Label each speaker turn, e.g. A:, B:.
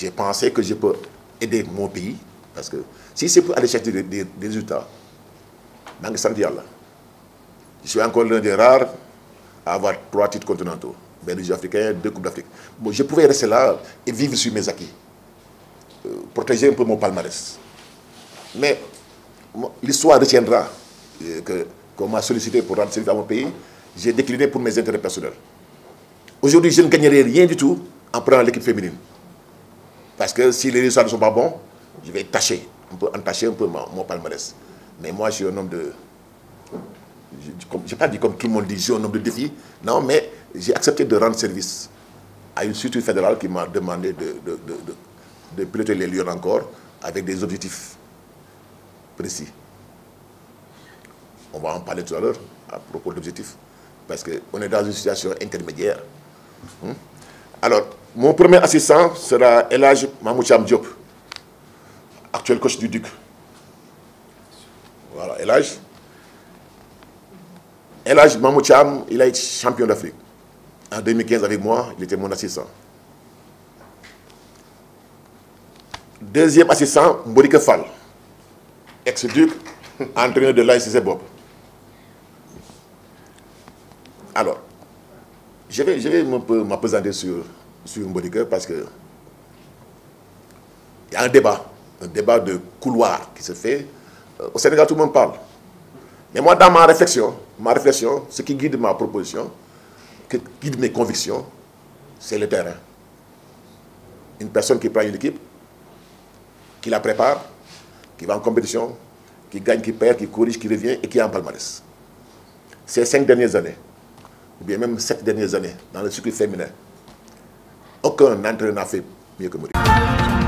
A: j'ai pensé que je peux aider mon pays parce que si c'est pour aller chercher des, résultats dans le je suis encore l'un des rares à avoir trois titres continentaux benn africaine, deux coupes d'Afrique je pouvais rester là et vivre sur mes acquis euh, protéger un peu mon palmarès mais l'histoire retiendra euh, que qu'on m'a sollicité pour rendre service à mon pays j'ai décliné pour mes intérêts personnels aujourd'hui je ne gagnerai rien du tout en prenant l'équipe féminine parce que si les résultats ne sont pas bons, je vais tâcher, un peu, entacher un peu mon, palmarès. Mais moi, je suis un homme de. Je n'ai pas dit comme tout le monde dit, je suis un homme de défi. Non, mais j'ai accepté de rendre service à une structure fédérale qui m'a demandé de, de, piloter les lieux encore avec des objectifs précis. On va en parler tout à l'heure à propos d'objectifs, parce qu'on est dans une situation intermédiaire. Hmm? Alors, mon premier assistant sera Elage Mamoucham Diop, actuel coach du Duc. Voilà, Elage. Elage Mamoucham, il a été champion d'Afrique. En 2015, avec moi, il était mon assistant. Deuxième assistant, Mbori Fall, ex-duc, entraîneur de l'ASC Bob. Alors, je vais, je vais sur sur Mbodike parce que il y a un débat, un débat de couloir qui se fait. Euh, au Sénégal, tout le monde parle. Mais moi, dans ma réflexion, ma réflexion, ce qui guide ma proposition, qui guide mes convictions, c'est le terrain. Une personne qui prend une équipe, qui la prépare, qui va en compétition, qui gagne, qui perd, qui corrige, qui revient et qui est en palmarès. Ces cinq dernières années, ou bien même sept dernières années, dans le circuit féminin, Aucun entraîneur n'a fait mieux que Mourinho.